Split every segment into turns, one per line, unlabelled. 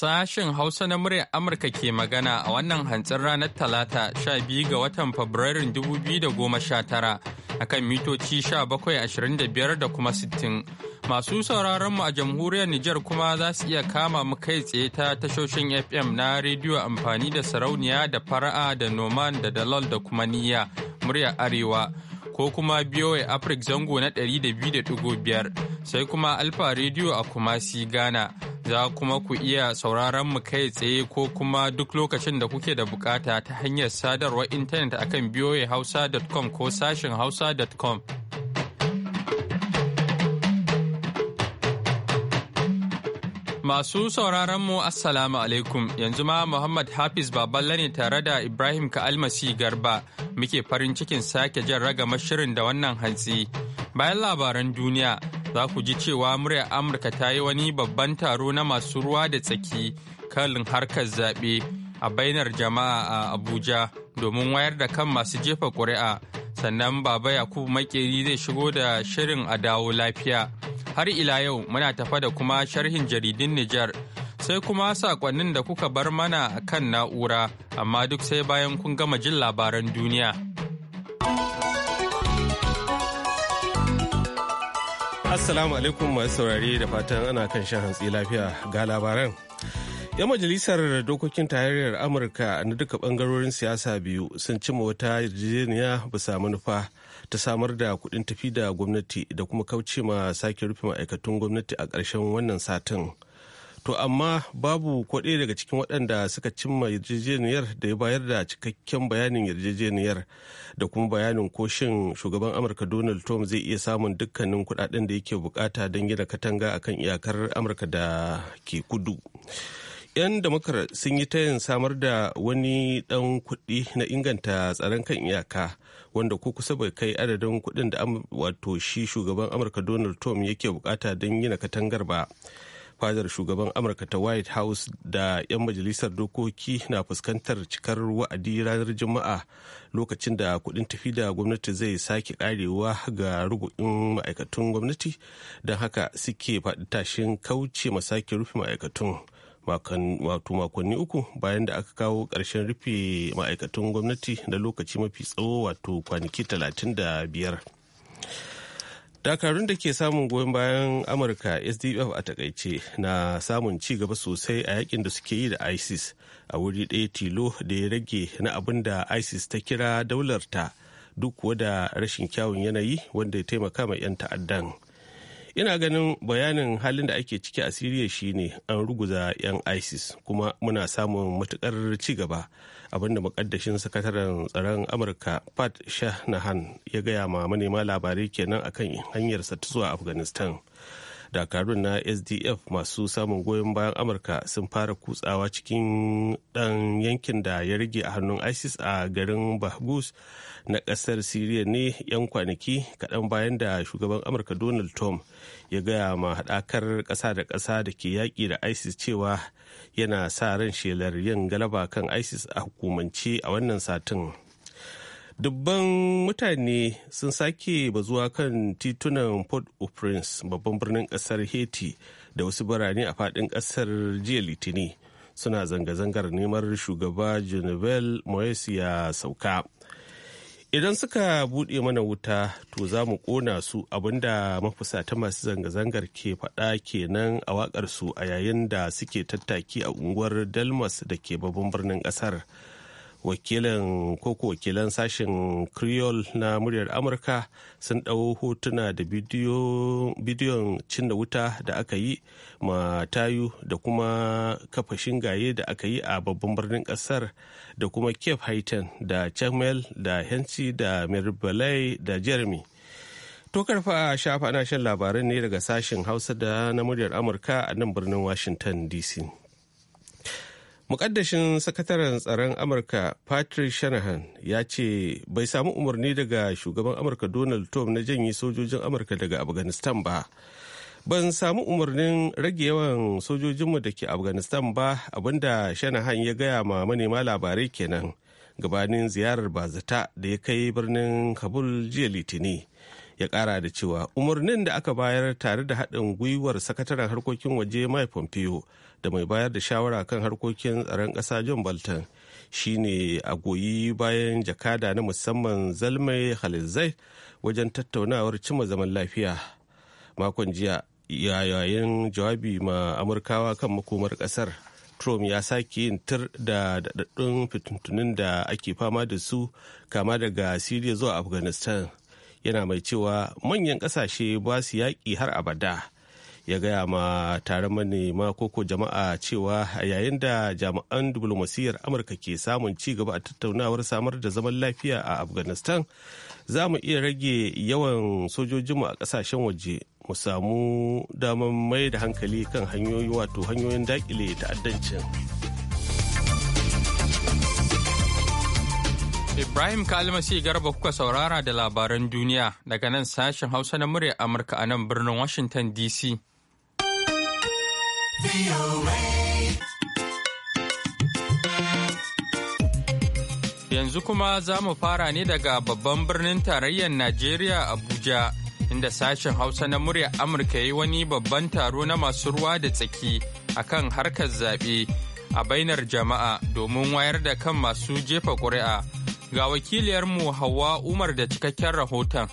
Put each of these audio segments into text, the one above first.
Sashen Hausa na murya Amurka ke magana a wannan hantsin ranar Talata 12 ga watan Fabrairun 2019 kan mitoci sha bakwai 1725 da kuma 60. Masu sauraron mu a jamhuriyar Nijar kuma za su iya kama mu kai tsaye ta tashoshin FM na rediyo amfani da sarauniya da fara'a da noman da dalal da kuma niyya murya Arewa. ko kuma BOA Africa zango na 200.5 sai kuma Alfa Radio a Kumasi Ghana. Za kuma ku iya sauraron mu kai tsaye ko kuma duk lokacin da kuke da bukata ta hanyar sadarwar intanet akan boahausa.com ko sashen hausa.com. Masu sauraron mu Assalamu alaikum yanzu ma Muhammad Hafiz Baballe ne tare da Ibrahim Ka'almasi Garba muke farin cikin sake jan ragama shirin da wannan hantsi. Bayan labaran duniya za ku ji cewa muryar Amurka ta yi wani babban taro na masu ruwa da tsaki kalin harkar zaɓe a bainar jama'a a Abuja domin wayar da kan masu jefa ƙuri'a sannan Baba Yakubu Makeri zai shigo da shirin a dawo lafiya. Har ila yau muna tafa da kuma sharhin jaridun Nijar sai kuma sakonnin da kuka bar mana a kan na'ura amma duk sai bayan kun gama jin labaran duniya.
Assalamu alaikum masu saurari da fatan ana kan shan hantsi lafiya ga labaran. 'Yan majalisar dokokin tarayyar Amurka na duka bangarorin siyasa biyu sun cima wata yarjejeniya bisa manufa ta samar da kudin tafi da gwamnati da kuma kauce ma sake rufe ma'aikatun gwamnati a ƙarshen wannan satin. To amma babu ko ɗaya daga cikin waɗanda suka cimma yarjejeniyar da ya bayar da cikakken bayanin yarjejeniyar da kuma bayanin ko shin shugaban Amurka Donald Trump zai iya samun dukkanin kuɗaɗen da yake bukata don gina katanga akan iyakar Amurka da ke kudu. 'yan damakar sun yi tayin samar da wani dan kuɗi na inganta tsaron kan iyaka wanda ko kusa bai kai adadin kuɗin da wato shi shugaban amurka donald trump yake bukata don gina katangar ba fadar shugaban amurka ta white house da 'yan majalisar dokoki na fuskantar cikar wa'adi ranar juma'a lokacin da kudin tafi da gwamnati zai sake karewa ga rubu'in ma'aikatun gwamnati don haka suke faɗi tashin kauce masake rufe ma'aikatun wato makonni uku bayan da aka kawo ƙarshen rufe ma'aikatan gwamnati da lokaci mafi tsawo wato kwanaki talatin da biyar. dakarun da ke samun goyon bayan amurka sdf a takaice na samun ci gaba sosai a yakin da suke yi da isis a wuri ɗaya tilo da ya rage na abin da isis ta kira daularta duk kuwa da rashin kyawun yanayi wanda ya taimaka ma 'yan ta'addan ina ganin bayanin halin da ake ciki a siriya shine an ruguza 'yan isis kuma muna samun matukar cigaba abinda makaddashin sakataren tsaron amurka pat shahnahan ya gaya ma manema labarai kenan akan hanyarsa ta zuwa afghanistan dakarun na sdf masu samun goyon bayan amurka sun fara kutsawa cikin dan yankin da ya rage a hannun isis a garin bahgus na kasar siriya ne 'yan kwanaki kaɗan bayan da shugaban amurka donald trump ya gaya ma haɗakar ƙasa da ƙasa da ke yaƙi da isis cewa yana sa ran shelar yin galaba kan isis a hukumance a wannan satin. dubban mutane sun sake ba zuwa kan titunan port-au-prince babban birnin kasar haiti da wasu birane a fadin kasar jiya litini suna zanga-zangar neman shugaba genevieve moise ya sauka idan suka buɗe mana wuta to za mu ƙona su abinda ta masu zanga-zangar ke faɗa kenan a waƙarsu a yayin da suke tattaki a unguwar dalmas da ke babban birnin ƙasar. wakilin koko wakilan sashen creole na muryar amurka sun ɗau hotuna da bidiyon cin da wuta da aka yi ma tayu da kuma kafa shingaye da aka yi a babban birnin ƙasar da kuma cape haitian da chamel da hensi da mirbalai da jeremy to karfa shafa ana shan labaran ne daga sashen hausa da na muryar amurka a nan birnin washington dc Mukaddashin sakataren tsaron Amurka Patrick Shanahan ya ce bai samu umarni daga shugaban Amurka Donald Trump na janye sojojin Amurka daga Afghanistan ba. Ban samu umarnin rage yawan sojojinmu da ke Afghanistan ba abinda Shanahan ya gaya ma manema labarai kenan gabanin ziyarar bazata da ya kai birnin Kabul jiya Litini. Ya kara da cewa umarnin da aka bayar tare da haɗin gwiwar sakataren harkokin waje Mike Pompeo da mai bayar da shawara kan harkokin tsaron ƙasa john bolton shine a goyi bayan jakada na musamman zalmai halizai wajen tattaunawar cimma zaman lafiya makon jiya yayin jawabi ma amurkawa kan makomar ƙasar, trump ya sake yin tir da daɗaɗɗun fitintunin da ake fama da su kama daga siriya zuwa afghanistan yana mai cewa manyan ƙasashe ba su yaƙi har abada ya gaya ma tare manema koko jama'a cewa yayin da jami'an diplomasiyyar amurka ke samun ci gaba a tattaunawar samar da zaman lafiya a afghanistan za mu iya rage yawan sojojinmu a kasashen waje mu samu damar mai da hankali kan hanyoyi wato hanyoyin dakile ta'addancin
Ibrahim Kalmasi Garba kuka saurara da labaran duniya daga nan sashen Hausa na murya Amurka a nan birnin Washington DC. Yanzu kuma za mu fara ne daga babban birnin tarayyar Najeriya Abuja, inda sashen Hausa na muryar Amurka yi wani babban taro na masu ruwa da tsaki a kan harkar zaɓe a bainar jama'a domin wayar da kan masu jefa ƙuri'a. Ga wakiliyarmu Hauwa Umar da cikakken rahoton.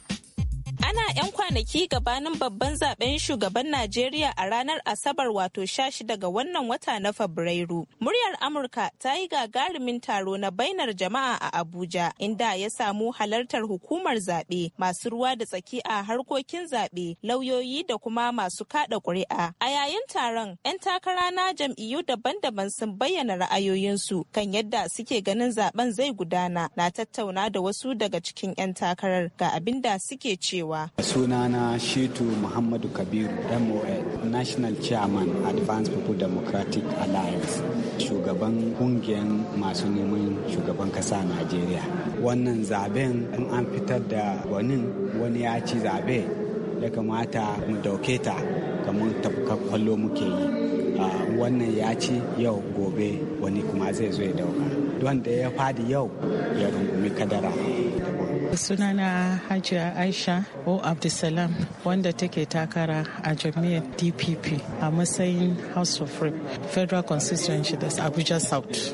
Ana 'yan kwanaki gabanin babban zaben shugaban Najeriya a ranar Asabar wato 16 ga wannan wata na Fabrairu. Muryar Amurka ta yi gagarumin taro na bainar jama'a a Abuja inda ya samu halartar hukumar zaɓe masu ruwa da tsaki a harkokin zaɓe, lauyoyi da kuma masu kaɗa ƙuri'a. A yayin taron, 'yan takara na jam'iyyu daban-daban sun bayyana ra'ayoyinsu kan yadda suke ganin zaben zai gudana na tattauna da wasu daga cikin 'yan takarar ga abin da suke cewa. A
sunana shitu muhammadu kabiru mol national chairman advance people democratic alliance shugaban kungiyar masu neman shugaban kasa najeriya wannan zaben in an fitar da wani wani ya ci zabe ya kamata mu dauke ta kamar tafka kwallo muke yi wannan ya ci yau gobe wani kuma zai zo ya dauka wanda ya fadi
yau ya rungumi kadara
sunana hajiya aisha o abdulsalam wanda take takara a jami'ar dpp a matsayin house of rep federal constituency da abuja south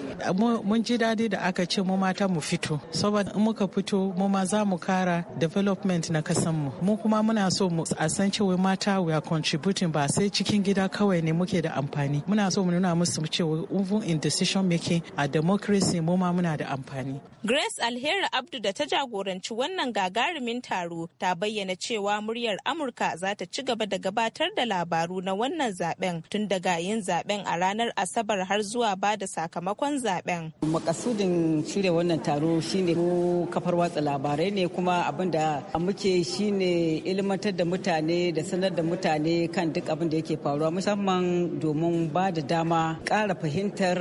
mun ji daɗi da aka ce mu mata mu fito saboda in muka fito mu ma za mu kara development na kasan mu mu kuma muna so mu san cewa mata we are contributing ba sai cikin gida kawai ne muke da amfani muna so mu nuna musu cewa even in decision making a democracy mu ma muna da amfani Grace Alheri Abdu da ta jagoranci wannan gagarumin taro ta bayyana cewa muryar Amurka za ta ci gaba da gabatar da labaru na wannan zaben tun daga yin zaben a ranar Asabar har zuwa ba da sakamakon zaben zaben. Makasudin shirya wannan taro shine ko kafar watsa labarai ne kuma abin da muke shine ilmantar da mutane da sanar da mutane kan duk abin da yake faruwa musamman domin ba da dama ƙara fahimtar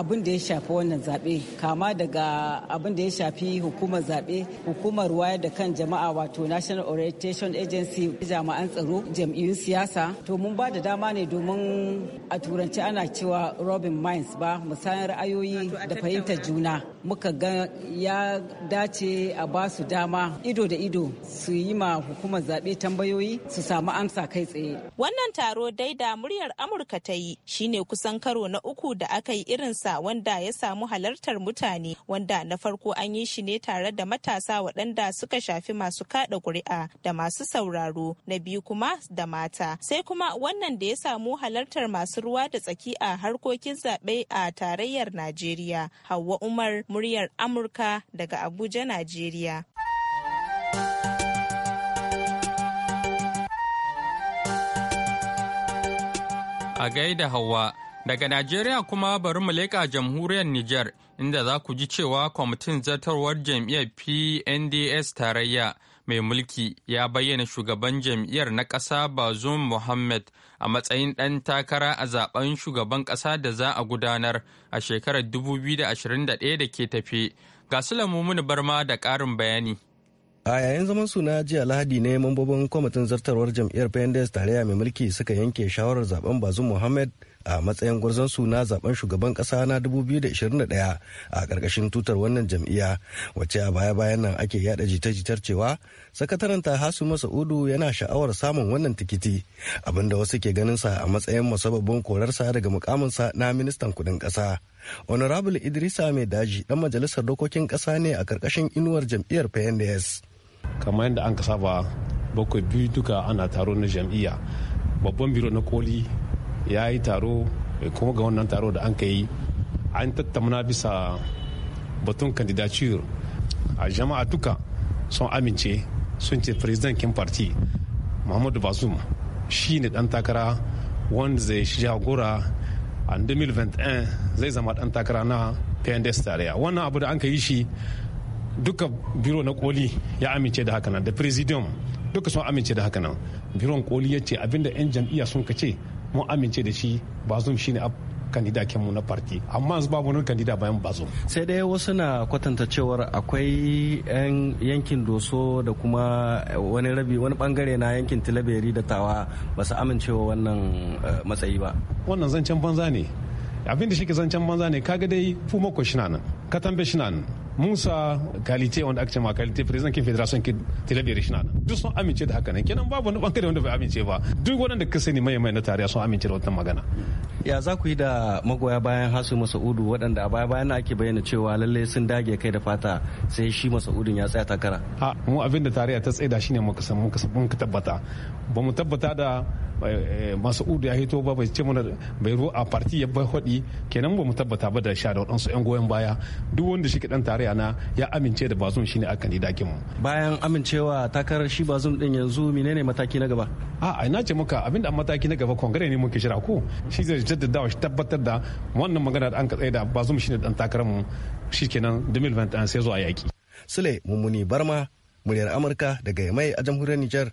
abin da ya shafi wannan zaɓe kama daga abin da ya shafi hukumar zabe hukumar wayar da kan jama'a wato national orientation agency jami'an tsaro jam'iyyun siyasa to mun ba da dama ne domin a turanci ana cewa robin mines ba musayar ra'ayo ra'ayoyi da fahimtar juna muka ga ya dace a ba su dama ido da ido su yi ma hukumar zaɓe tambayoyi su samu amsa kai tsaye. Wannan taro dai da muryar Amurka ta yi shine kusan karo na uku da aka yi irinsa wanda ya samu halartar mutane wanda na farko an yi shi ne tare da matasa waɗanda suka shafi masu kaɗa ƙuri'a da masu sauraro na biyu kuma da mata sai kuma wannan da ya samu halartar masu ruwa da tsaki a harkokin zaɓe a tarayyar Najeriya. Najeriya. Hauwa Umar muryar Amurka daga Abuja, Najeriya.
A gaida Hauwa. Daga Najeriya kuma bari mu leƙa jamhuriyar Nijar inda za ku ji cewa kwamitin zartarwar jam'iyyar PNDS tarayya mai mulki ya bayyana shugaban jam'iyyar na ƙasa Bazoum Mohammed a matsayin ɗan takara a zaben shugaban ƙasa da za a gudanar a shekarar 2021 da ke tafe. Ga su muni barma da ƙarin bayani.
a yayin zaman suna jiya lahadi ne mambobin kwamitin zartarwar jam'iyyar pendes tarayya mai mulki suka yanke shawarar zaben bazoum Mohammed. a matsayin su na zaben shugaban kasa na 2021 a karkashin tutar wannan jam'iyya wacce a baya-bayan nan ake yada jita-jitar cewa sakataranta hasu masa'udu yana sha'awar samun wannan tikiti abinda wasu ke ganin sa a matsayin masababin korarsa daga mukaminsa na ministan kudin ƙasa. honorable idrisa mai daji dan majalisar
dokokin kasa ne a karkashin inuwar jam'iyyar pnds kamar yadda an saba bakwai biyu duka ana taro na jam'iyya babban biro na koli ya yi taro kuma ga wannan taro da an yi an tattauna bisa batun candidature a jama'a duka sun amince sun ce president kin party muhammadu bazoum shi ne dan takara wanda zai jagora a 2021 zai zama dan takara na pnds tarayya wannan abu da an yi shi duka biro na koli ya amince da hakanan da presidium duka sun amince da hakanan biron koli ya ce abinda 'yan jam'iyya sun ka ce mun amince da shi bazum ne kandida mu na farti amma yanzu babu wani kandida bayan bazo sai dai wasu na
kwatanta cewar akwai yan yankin doso da kuma wani rabi wani
bangare na yankin tilaberi da tawa ba su amincewa wannan eh, matsayi ba wannan zancen banza ne abin da shike zancen banza ne kaga dai fuma ko shi nan katambe shi nan musa kalite wanda aka ce ma kalite president kin federation ke tilabiyar shi nan duk sun amince da haka nan kenan babu wani bangare wanda bai amince ba duk wadanda ka sani mai mai na tarayya sun amince da wannan magana
ya za ku yi da magoya bayan hasu masaudu waɗanda a baya bayan ake bayyana cewa lallai sun dage kai da fata sai shi masaudun ya tsaya takara
ha mu abin da tarayya ta tsaida shine muka san muka tabbata ba mu tabbata da Eh, udu ya hito ba bai ce mana bai ru a parti ya bai hudi kenan ba mu tabbata ba da sha da waɗansu 'yan goyon baya duk wanda shi dan tarayya na ya amince da bazum shine a kandidakin mu. Bayan amincewa takarar shi bazum din yanzu menene mataki na gaba? A ina ce muka abinda a mataki na gaba kongare ne muke shira ko shi zai jaddadawa shi tabbatar da wannan magana da an ka tsaye da bazum shine dan takarar mu shikenan 2021 sai zuwa yaki. Sule Mummuni Barma muryar Amurka daga Yamai a jamhuriyar Nijar.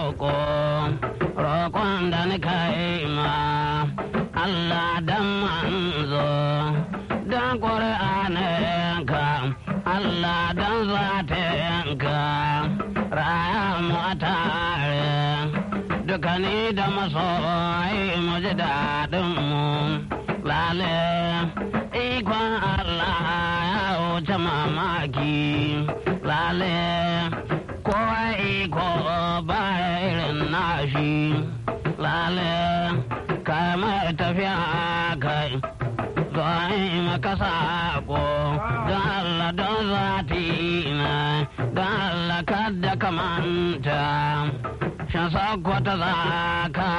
roƙon da nika yi ma Allah dan manzo dan ƙuri'anin ka Allah dan zatin ka raya mata a tare dukani da masoyi mu ji daɗin mu lale ikon Allah ya wuce mamaki lale kowa iko ba irin nashi lale kamar tafiya kai zai makasa ko don don zati na don Allah kada kamanta shan sa zaka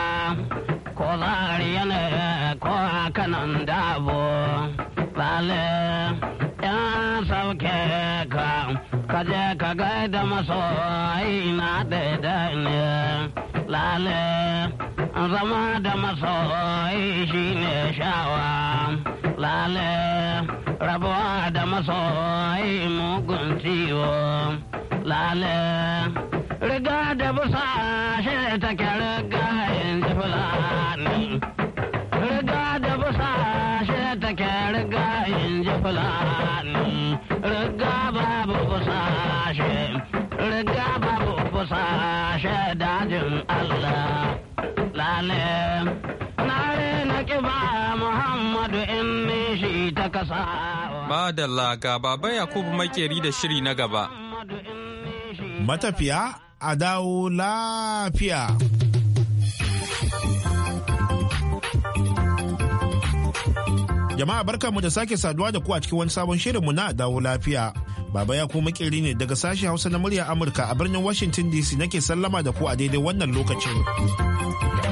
ko zariya ne ko kanan dabo lale yan gare ka kaje ka gaida masoyi na daidai ne lale zama da masoyi shine shawa lale rabuwa da masoyi mugun ciwo lale riga da busa shi take riga in ji kusa shaidajin Allah lale na na kiba Muhammadu in shi ta kasa.
Madalla ga baba Yakubu makeri da shiri na gaba.
Matafiya a dawo lafiya. Jama'a barkanmu da sake saduwa da ku a cikin wani sabon shirinmu na dawo lafiya. Baba ya kuma kiri ne daga sashen Hausa na murya Amurka a birnin Washington DC nake sallama da ku a daidai wannan lokacin.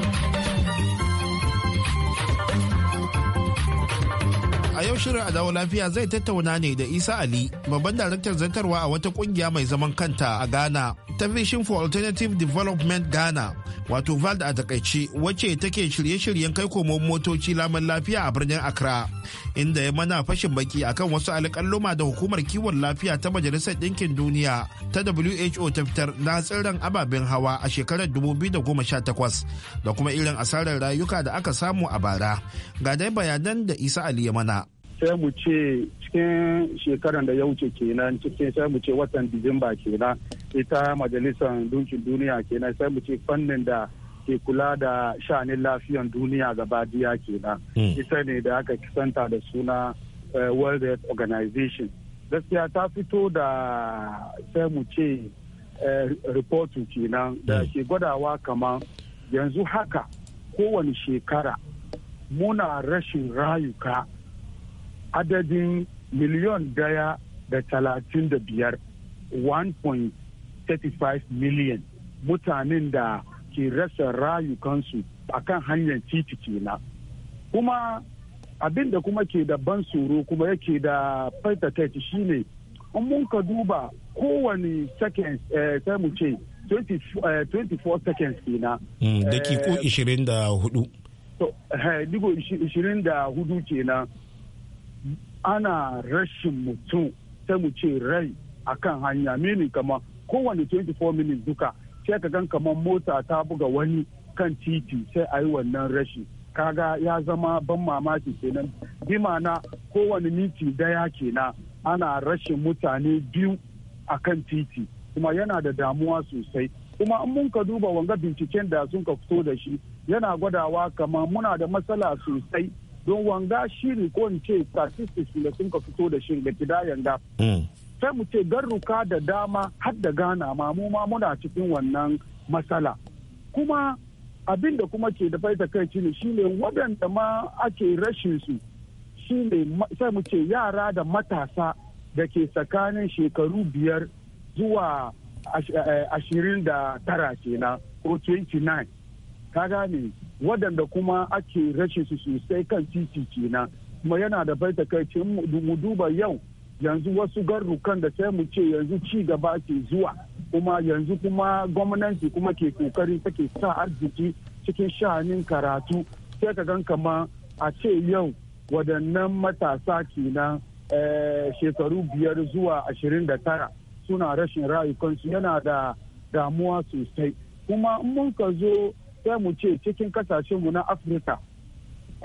shirin adawa lafiya zai tattauna ne da Isa Ali, babban daraktar zartarwa a wata kungiya mai zaman kanta a Ghana, ta Vision for Alternative Development Ghana, wato VALD a takaice, wacce take shirye-shiryen kai komon motoci laman lafiya a birnin Accra, inda ya mana fashin baki akan wasu alƙalluma da hukumar kiwon lafiya ta Majalisar Ɗinkin Duniya ta WHO ta fitar na tsirran ababen hawa a shekarar dubu 2018 da kuma irin asarar rayuka da aka samu a bara. Ga dai bayanan da Isa Ali ya mana.
sai mu ce cikin shekaran da ya wuce kenan cikin sai mu ce watan disamba kenan ita majalisar dunkin duniya kenan sai mu ce fannin da ke kula da sha'anin lafiyan duniya gaba daya kenan hmm. ita ne da aka kisanta da suna eh, world health organization gaskiya ta fito da sai mu ce eh, reportu kenan da hmm. ke gwadawa kamar yanzu haka kowane shekara muna rashin rayuka adadin miliyon daya da talatin da biyar 1.35 miliyan mutanen da ke rasa rayukansu a kan hanyar titi kenan kuma abin da kuma ke da ban tsoro kuma yake da faitakaiti shine in mun ka duba kowane seconds eh, sai mu ce 24 eh, seconds kenan
hmm, eh, da ko
24 digo 24 kenan ana rashin mutum sai mu ce rai a kan hanya mini kama kowane 24 minutes duka sai ka gan kamar mota ta buga wani kan titi sai a yi wannan rashi kaga ya zama ban mamaki kenan bi kowane minti daya kenan ana rashin mutane biyu a kan titi kuma yana da damuwa sosai kuma in mun ka duba wanga binciken da sun ka fito da shi yana gwadawa kama muna da matsala sosai don wanga shiri ko in ce statistics da sun ka fito da shi da kidayan ga hmm. sai mu ce garruka da dama har da gana ma mu ma muna cikin wannan matsala kuma abin da kuma ke da faita kai ne shine waɗanda ma ake rashin su shine sai mu ce yara da matasa da ke tsakanin shekaru biyar zuwa eh, ashirin da tara kenan ko 29 ka gane waɗanda kuma ake rashin su sosai kan titi kenan kuma yana da bai takaicin mu duba yau yanzu wasu garrukan da sai mu ce yanzu ci gaba ke zuwa kuma yanzu kuma gwamnati kuma ke kokari take sa arziki cikin sha'anin karatu sai ka gan kama a ce yau waɗannan matasa kenan eh, shekaru biyar zuwa ashirin da tara suna rashin rayukansu yana da damuwa sosai kuma mun ka zo sai mu ce cikin kasashenmu na afirka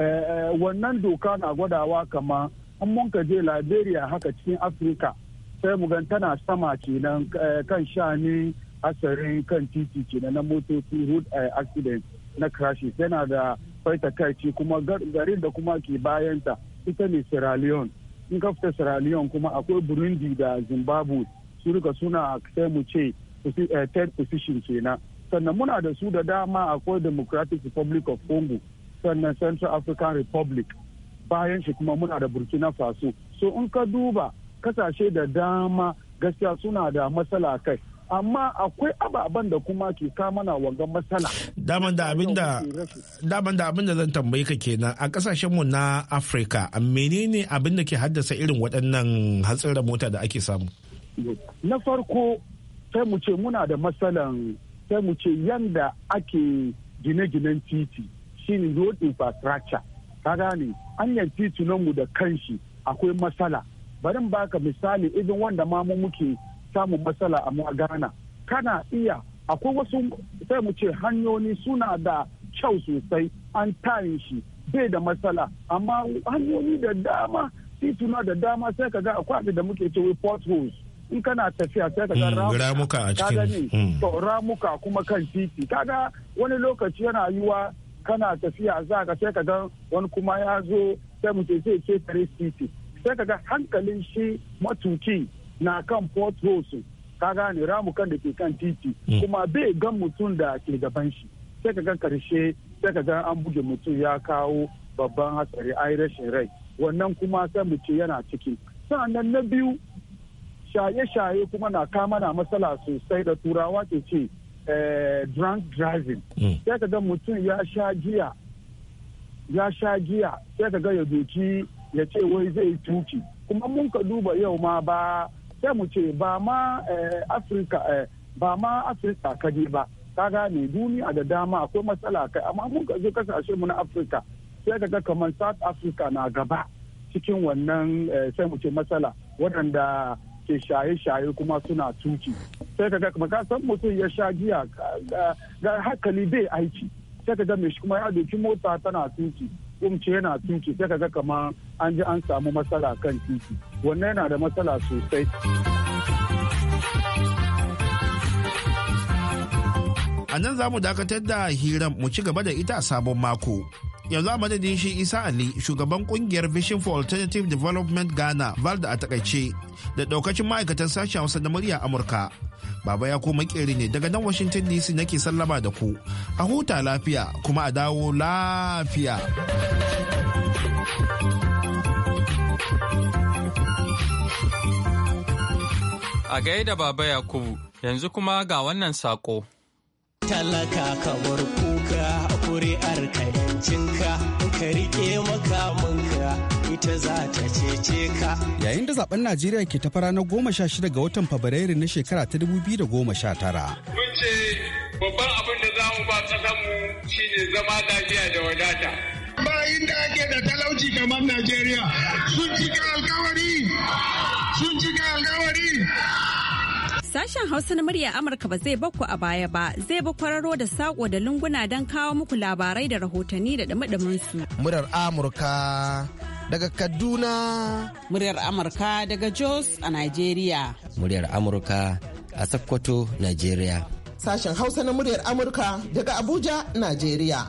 eh, eh, wannan doka na gwadawa kama an mun ka je liberia haka cikin afirka sai mu gan tana sama kenan eh, kan shani asarin kan titi kenan na motoci road accident na crashes yana da faita kai kuma garin da kuma ke bayanta ita ne sierra leone in ka fita sierra leone kuma akwai burundi da zimbabwe su rika suna sai mu ce third position kenan sannan muna da su da dama akwai democratic republic of congo sannan central african republic bayan shi kuma muna da burkina faso so in ka duba kasashe da dama gaskiya suna da matsala kai amma akwai ababen da kuma ke mana wangan matsala.
Daman da abin da zan tambayi ka kenan a kasashenmu na Afirka menene abin da ke haddasa irin waɗannan hatsarin mota da ake samu?
Na farko sai mu ce muna da matsalan sai mu ce yanda ake gine-ginen titi shine road infrastructure ka gane hanyar titunan mu da kanshi akwai matsala bari baka misali idan wanda ma mu muke samun matsala a Ghana kana iya akwai wasu sai mu ce hanyoyi suna da kyau sosai an tayin shi bai da matsala amma hanyoyi da dama tituna da dama sai ka ga akwai da muke cewa holes in kana tafiya sai ka ga hmm, ramuka a cikin hmm. to ramuka kuma kan titi kaga wani lokaci yana yiwa kana tafiya za ka sai ka ga wani kuma ya zo sai mutum sai ke tare titi sai ka ga hankalin shi matuki na kan potholes ka gane ramukan da ke kan titi hmm. kuma bai gan mutum da ke gaban shi sai ka ga karshe sai ka ga an buge mutum ya kawo babban hatsari ai rashin rai wannan kuma sai mu ce yana ciki sannan na biyu shaye-shaye kuma na kama na matsala sosai da turawa ke ce eh, drunk driving mm. sai ka ga mutum ya sha giya ya sai ka ga ya doki ya ce wai zai tuki kuma mun ka duba yau ma ba sai mu ce ba ma eh, afirka eh, ba ma afirka ba ka gane duniya da dama akwai matsala kai amma mun ka zo kasashe mu na afirka sai ka ga kamar south africa na gaba cikin wannan sai mu ce matsala waɗanda ke shaye-shaye kuma suna tuki sai ka ga ka san mutum ya sha giya ga hankali bai aiki sai ka ga mai kuma ya doki mota tana tuki kumce yana tuki sai ka ga kamar an ji an samu matsala kan titi wannan yana da matsala sosai
a nan za mu dakatar da hiran mu ci gaba da ita a sabon mako yanzu a madadin shi isa ali shugaban kungiyar vision for alternative development ghana valda a takaice da daukacin ma'aikatan sashen hausa na murya amurka baba ya koma kere ne daga nan washington dc nake sallama da ku a huta lafiya kuma a dawo lafiya
a gaida baba yakubu yanzu kuma ga wannan sako
talaka kuka kuri'ar ka ka rike makamunka ita za ta cece ka. Yayin da zaben Najeriya ke ta fara na goma sha shida ga watan Fabrairu na shekara ta dubu biyu da goma sha tara. Mun ce
babban abin da za mu ba ƙasanmu shine zama lafiya da wadata. Bayin da ake
da
talauci kamar Najeriya sun cika alkawari sun cika alkawari. Sashen Hausa na murya Amurka ba zai bakku a baya ba zai ba kwararo da sako da lunguna don kawo muku labarai da rahotanni da dumi su. Muryar Amurka daga Kaduna. Muryar Amurka daga Jos a Najeriya.
Muryar Amurka a Sokoto, Najeriya.
Sashen Hausa na muryar Amurka daga Abuja, Najeriya.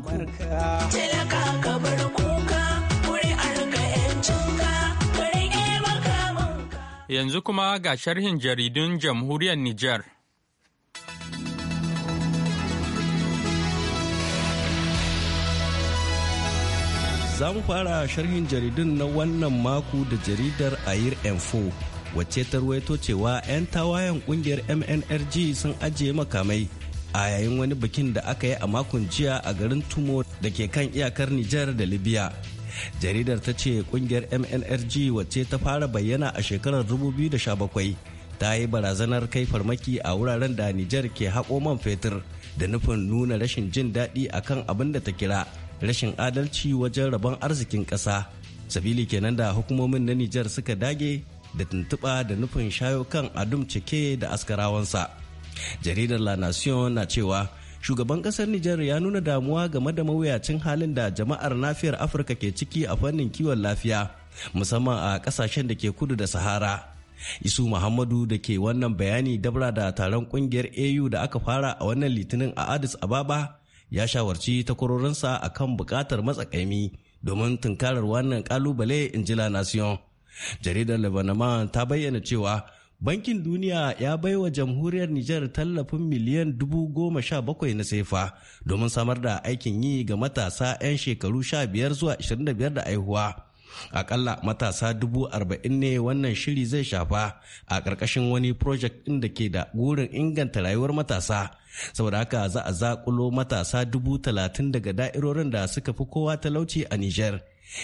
ku. Yanzu kuma ga sharhin jaridun jamhuriyar Nijar.
Za mu fara sharhin jaridun na wannan mako da jaridar Ayir Enfo. wacce ta ruwaito cewa 'yan tawayen kungiyar mnrg sun ajiye makamai a yayin wani bikin da aka yi a makon jiya a garin tumo da ke kan iyakar nijar da libya jaridar ta ce kungiyar mnrg wacce ta fara bayyana a shekarar 2017 ta yi barazanar kai farmaki a wuraren da nijar ke haƙo man fetur da nufin nuna rashin jin daɗi akan abin da ta kira rashin adalci wajen rabon arzikin ƙasa sabili kenan da hukumomin na nijar suka dage da tuntuɓa da nufin shayo kan adum cike da askarawansa. jaridar la nation na cewa shugaban kasar nijar ya nuna damuwa game da mawuyacin halin da jama'ar nafiyar afirka ke ciki a fannin kiwon lafiya musamman a kasashen da ke kudu da sahara isu muhammadu da ke wannan bayani dabra da taron kungiyar au da aka fara a wannan litinin a addis ababa ya shawarci takwarorinsa a kan bukatar matsakaimi domin tunkarar wannan kalubale in ji la nation jaridar lebanon ta bayyana cewa Bankin Duniya ya bai wa jamhuriyar Nijar tallafin miliyan dubu goma sha bakwai na sefa domin samar da aikin yi ga matasa 'yan shekaru sha biyar zuwa 25 da aihuwa. Akalla matasa dubu arba'in ne wannan shiri zai shafa a ƙarƙashin wani project ɗin da ke da gurin inganta rayuwar matasa. Saboda haka za a zaƙulo matasa dubu talatin daga da'irorin da suka fi kowa talauci a Nijar.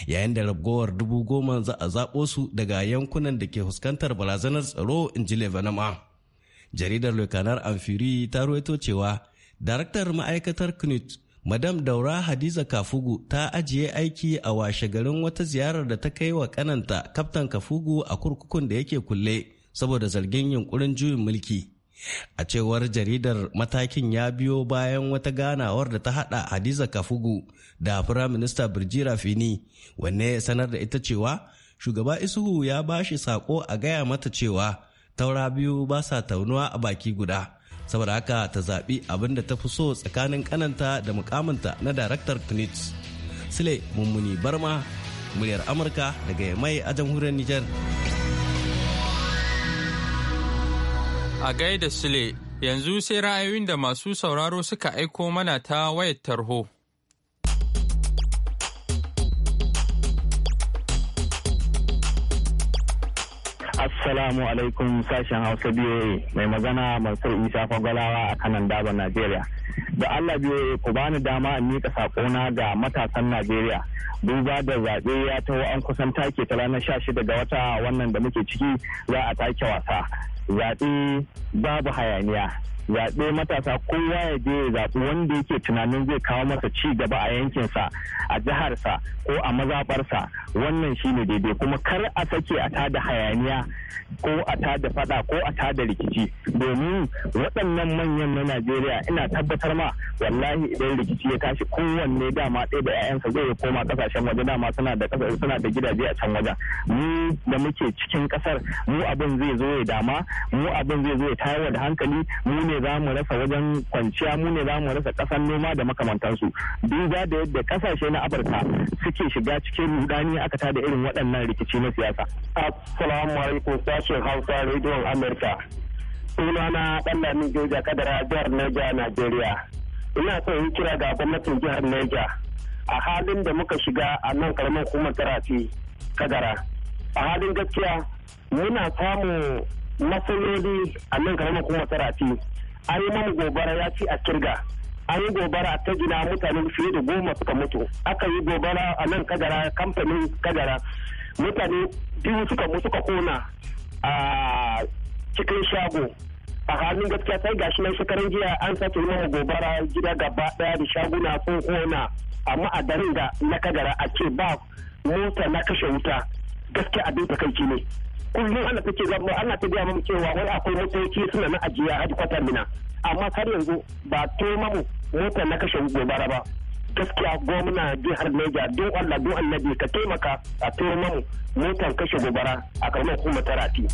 yayin da ragowar dubu goma za a zaɓo su daga yankunan da ke fuskantar barazanar tsaro in ji lebanama jaridar lokanar amfiri ta ruwaito cewa daraktar ma'aikatar knut madam daura hadiza kafugu ta ajiye aiki a washe garin wata ziyarar da ta kai wa kananta kaftan kafugu a kurkukun da yake kulle saboda zargin yunkurin juyin mulki A cewar jaridar matakin ya biyo bayan wata ganawar da ta hada Hadiza Kafugu da Firaminista Birjira Fini, wanne ya sanar da ita cewa shugaba Isuhu ya bashi sako a gaya mata cewa taura biyu ba sa taunuwa a baki guda. Saboda haka ta zaɓi abin da ta fi so tsakanin kananta da mukamanta na daraktar Tunits. sile Mummuni Barma,
muryar Amurka daga mai a jamhuriyar Nijar. A gaida Sule, yanzu sai ra'ayoyin da masu sauraro suka aiko mana ta wayar tarho.
Assalamu alaikum sashen Hausa BOA mai magana Mansur Isa Fagalawa a kanan Daba Najeriya. Da Allah BOA ku bani dama in mika sakona ga matasan Najeriya. Duba da zaɓe ya taho an kusan take ta ranar 16 ga wata wannan da muke ciki za a take wasa. zaɓe babu hayaniya zaɓe matasa kowa ya je ya zaɓi wanda yake tunanin zai kawo masa ci gaba a yankinsa a jiharsa ko a mazaɓarsa wannan shine daidai kuma kar a sake a tada hayaniya ko a tada fada ko a tada rikici domin waɗannan manyan na najeriya ina tabbatar ma wallahi idan rikici ya tashi kowanne dama ɗaya da ƴaƴansa zai koma ƙasashen waje dama suna da suna da gidaje a can wajen mu da muke cikin ƙasar mu abin zai zo ya dama mu abin zai zo ya tayar da hankali mu ne za mu rasa wajen kwanciya mu ne za mu rasa kasan noma da makamantansu duba da yadda kasashe na afirka suke shiga cikin rudani aka tada irin waɗannan rikici na siyasa assalamu alaikum sashen hausa rediyon amurka sunana dan lamin kadara jihar neja nigeria ina son yi kira ga gwamnatin jihar neja a halin da muka shiga a nan karamin hukumar tarafi kadara a halin gaskiya muna samun matsaloli a nan karamar hukumar tarafi an yi mamu gobara ya ci a kirga an yi gobara ta gina mutane fiye da goma suka mutu aka yi gobara a nan kadara kamfanin kadara mutane biyu suka mutu suka kona a cikin shago a halin gaskiya sai gashi nan shekaran jiya an sace mamu gobara gida gaba daya da shaguna sun kona amma a ma'adanin da na kadara a ce ba mota na kashe wuta gaskiya abin takaici ne kullum ana take zama ana ta gaya mamu cewa wai akwai motoci suna na ajiya a kwata mina amma har yanzu ba to mamu mota na kashe gobara ba gaskiya gwamna jihar Niger don Allah don Allah ka taimaka a to mamu motan kashe gobara a karamar hukumar ta rafi.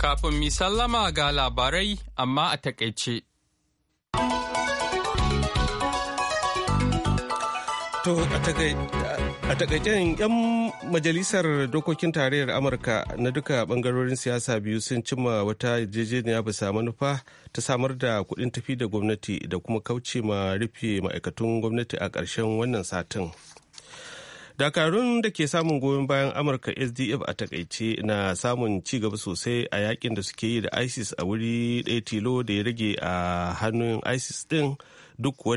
Kafin mi ga labarai amma a
takaice. To a takaicen 'yan majalisar dokokin tarayyar Amurka na duka bangarorin siyasa biyu sun cimma wata yarjejeniya bisa manufa ta samar da kuɗin tafi da gwamnati da kuma kauce ma rufe ma'aikatun gwamnati a ƙarshen wannan satin. dakarun da ke samun goyon bayan amurka sdf a takaice na samun cigaba sosai a yakin da suke yi da isis a wuri ɗaya tilo da ya rage a hannun isis din duk kuwa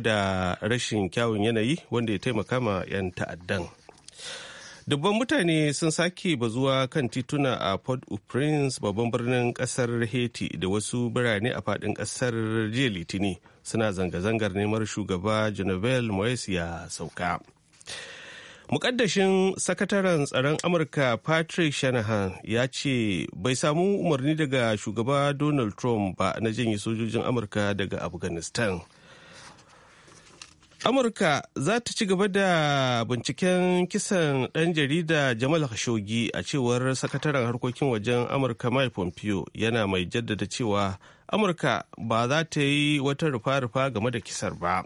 rashin kyawun yanayi wanda ya taimaka ma 'yan ta'addan dubban mutane sun sake bazuwa kan tituna a port-au-prince babban birnin kasar haiti da wasu birane a fadin kasar jiya litini suna zanga-zangar neman shugaba genevieve moise ya sauka Mukaddashin sakataren tsaron Amurka Patrick Shanahan ya ce bai samu umarni daga shugaba Donald Trump ba na janye sojojin Amurka daga Afghanistan. Amurka za ta ci gaba da binciken kisan ɗan jarida Jamal Khashoggi a cewar sakataren harkokin wajen Amurka Mike Pompeo yana mai jaddada cewa Amurka ba za ta yi wata rufa-rufa game da kisar ba.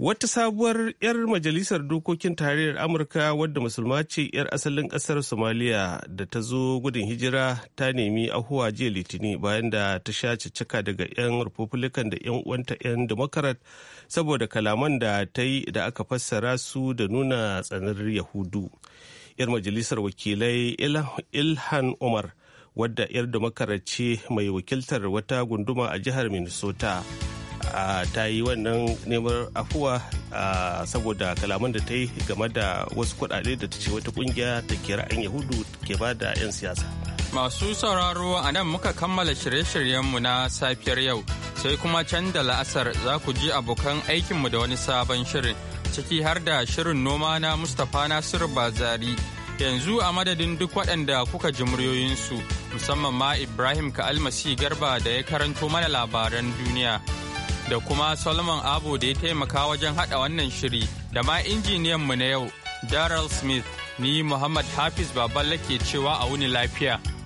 wata sabuwar 'yar majalisar dokokin tarayyar amurka wadda musulma ce 'yar asalin ƙasar somaliya da ta zo gudun hijira ta nemi ahuwa jiya litini bayan da ta sha cika daga 'yan republican da 'yan uwanta 'yan democrat saboda kalaman da ta yi da aka fassara su da nuna tsanar yahudu 'yar majalisar wakilai ilhan umar wadda 'yar democrat ce mai wakiltar wata gunduma a jihar minnesota ta yi wannan neman afuwa saboda kalaman da ta yi game da wasu kuɗaɗe da ta ce wata ƙungiya da ke ra'ayin yahudu ke ba da 'yan siyasa.
Masu sauraro a nan muka kammala shirye-shiryenmu na safiyar yau sai kuma can da la'asar za ku ji abokan aikinmu da wani sabon shirin ciki har da shirin noma na Mustapha Nasiru Bazari. Yanzu a madadin duk waɗanda kuka ji muryoyinsu musamman ma Ibrahim ka almasi Garba da ya karanto mana labaran duniya. da kuma Solomon Abu da ya taimaka wajen haɗa wannan shiri da ma injiniyan mu na yau, Daryl Smith, ni Muhammad Hafiz Baballa ke cewa a wuni lafiya.